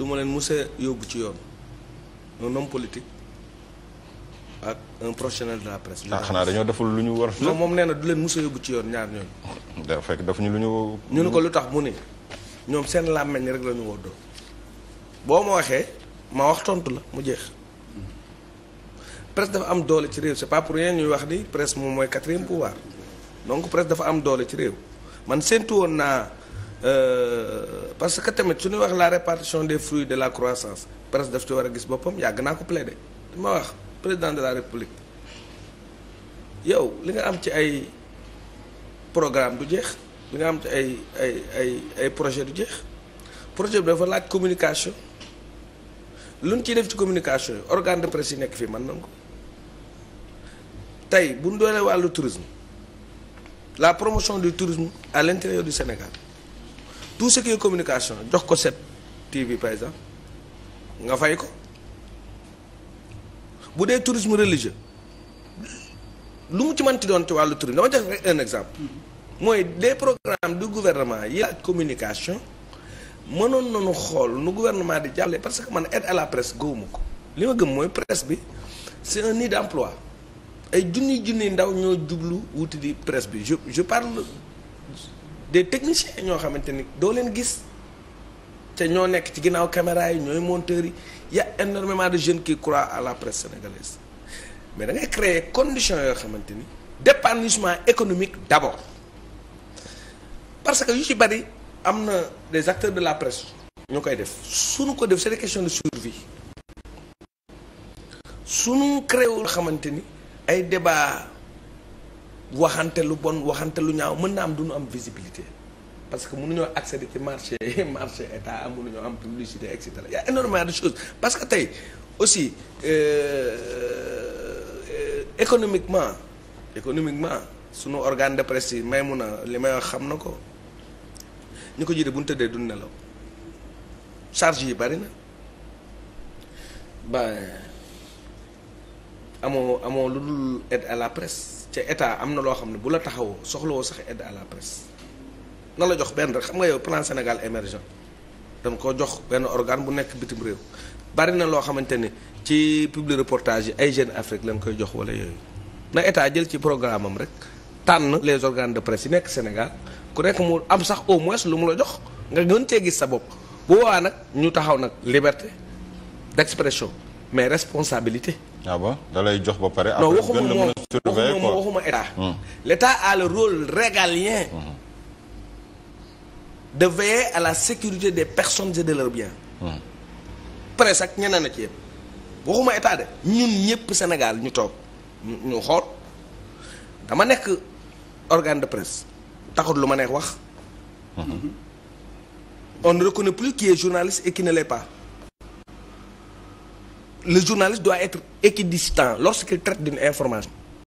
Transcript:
du ma leen mus a yóbbu ci yoon un homme politique ak un professionnel de la presse. Ah, xanaa dañoo deful lu ñu war. non moom nee na du leen mus a yóbbu ci yoon ñaar ñooñu. da fekk daf ñu lu ñu. ñu ne ko lu tax mu ne ñoom seen làmmeñ rek la ñu woddoo boo ma waxee ma wax tontu la mu jeex. presse dafa am doole ci réew c'est pas pour rien ñuy wax ni presse moom mooy quatrième pouvoir donc presse dafa am doole ci réew man séntu naa. Euh, parce que tamit su ñuy wax la répartition des fruits de la croissance presse daf ci war a gis boppam yàgg naa ko plaider ma wax président de la république yow li nga am ci ay programme du jeex li nga am ay ay ay ay projet du jeex projet bi dafa laaj communication lu ñu ciy def ci communication yi organe de presse yi nekk fii man nañ ko tey bu ñu doolee wàllu tourisme la promotion du tourisme à l'intérieur du Sénégal tout ce qui communication jox ko set TV par exemple nga fay ko bu dee tourisme religieux lu mu ci mënti doon ci wàllu tourisme dama jox rek un exemple mooy des programmes du gouvernement yi laaj communication mënoon na nu xool nu gouvernement di jàlle parce que man aide à la presse gëwuma ko li ma gëm mooy presse bi c'est un nid d'emploi ay junni junni ndaw ñoo jublu wuti di presse bi je je parle des techniciens ñoo xamante ni doo leen gis te ñoo nekk ci ginnaaw caméra yi ñooy monteurs yi y énormément de jeunes qui croient à la presse sénégalaise mais da ngay créer conditions yoo xamante ni d'épanouissement économique d'abord parce que yu ci bari am na des acteurs de la presse ñu koy def suñu ko def c'est des questions de survie suñu créewul xamante ni ay débat waxante lu bon waxante lu ñaaw mën na am du ñu am visibilité parce que mënuñoo accéder ci marché marché état mënuñoo am publicité et cetera y a énormément de choses parce que tey aussi euh, euh économiquement économiquement sunu organe de presse yi may mun a li may xam na ko ñu ko jiite bu ñu tëddee du nelaw charge yi bari ba amoo amoo lu dul aide à la presse. ca état am na loo xam ne bu la taxawoo soxlawoo sax aide à la presse na la jox benn rek xam nga yow plan Sénégal émergent dama ko jox benn organe bu nekk bitim réew bari na loo xamante ne ci publi reportage yi ay Jeune Afrique lañ koy jox wala yooyu na état jël ci programme am rek tànn les organes de presse yi nekk Sénégal ku nekk mu am sax au moins lu mu la jox nga gën cee gis sa bopp bu boobaa nag ñu taxaw nag liberté d'expression mais responsabilité. ah bon da lay jox ba pare. non waxuma moom waxuma moom waxuma état. Hmm. l' état a le rôle régalien. Hmm. de veiller à la sécurité des personnes de leurs bien hmm. presse ak ñeneen a ci yëpp waxuma état de ñun ñëpp Sénégal ñu toog ñu xool dama nekk organe de presse taxut lu ma neex wax. on ne reconnaît plus qui est journaliste et qui le journaliste doit être équidistant lorsqu'il traite d'une information